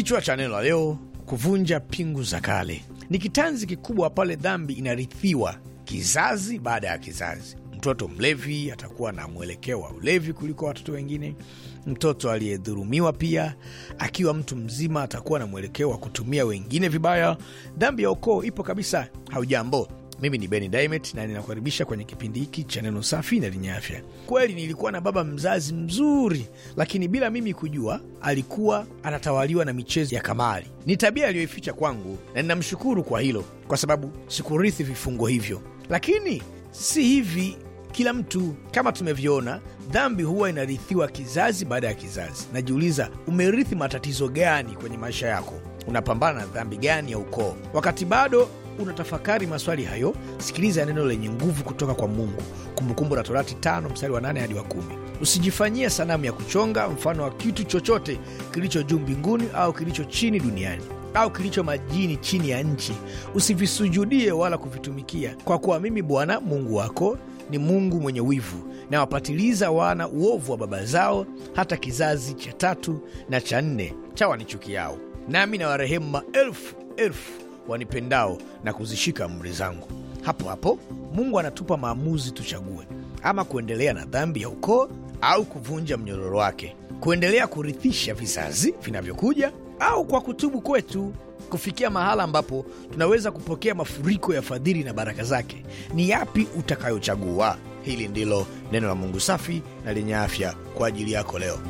Kichwa cha neno la leo, kuvunja pingu za kale. Ni kitanzi kikubwa pale dhambi inarithiwa kizazi baada ya kizazi. Mtoto mlevi atakuwa na mwelekeo wa ulevi kuliko watoto wengine. Mtoto aliyedhulumiwa pia, akiwa mtu mzima, atakuwa na mwelekeo wa kutumia wengine vibaya. Dhambi ya ukoo ipo kabisa. Haujambo, mimi ni Beni Dimet na ninakukaribisha kwenye kipindi hiki cha neno safi na lenye afya. Kweli nilikuwa na baba mzazi mzuri, lakini bila mimi kujua, alikuwa anatawaliwa na michezo ya kamari. Ni tabia aliyoificha kwangu na ninamshukuru kwa hilo, kwa sababu sikurithi vifungo hivyo. Lakini si hivi kila mtu. Kama tumevyoona, dhambi huwa inarithiwa kizazi baada ya kizazi. Najiuliza, umerithi matatizo gani kwenye maisha yako? Unapambana na dhambi gani ya ukoo wakati bado unatafakari maswali hayo, sikiliza neno lenye nguvu kutoka kwa Mungu. Kumbukumbu la Torati tano mstari wa nane hadi wa kumi. Usijifanyie sanamu ya kuchonga mfano wa kitu chochote kilicho juu mbinguni au kilicho chini duniani au kilicho majini chini ya nchi. Usivisujudie wala kuvitumikia, kwa kuwa mimi Bwana Mungu wako ni Mungu mwenye wivu, na wapatiliza wana uovu wa baba zao hata kizazi cha tatu na cha nne cha wanichukiao, nami na warehemu maelfu elfu wanipendao na kuzishika amri zangu. Hapo hapo Mungu anatupa maamuzi tuchague, ama kuendelea na dhambi ya ukoo au kuvunja mnyororo wake, kuendelea kurithisha vizazi vinavyokuja au kwa kutubu kwetu kufikia mahala ambapo tunaweza kupokea mafuriko ya fadhili na baraka zake. Ni yapi utakayochagua? Hili ndilo neno la Mungu safi na lenye afya kwa ajili yako leo.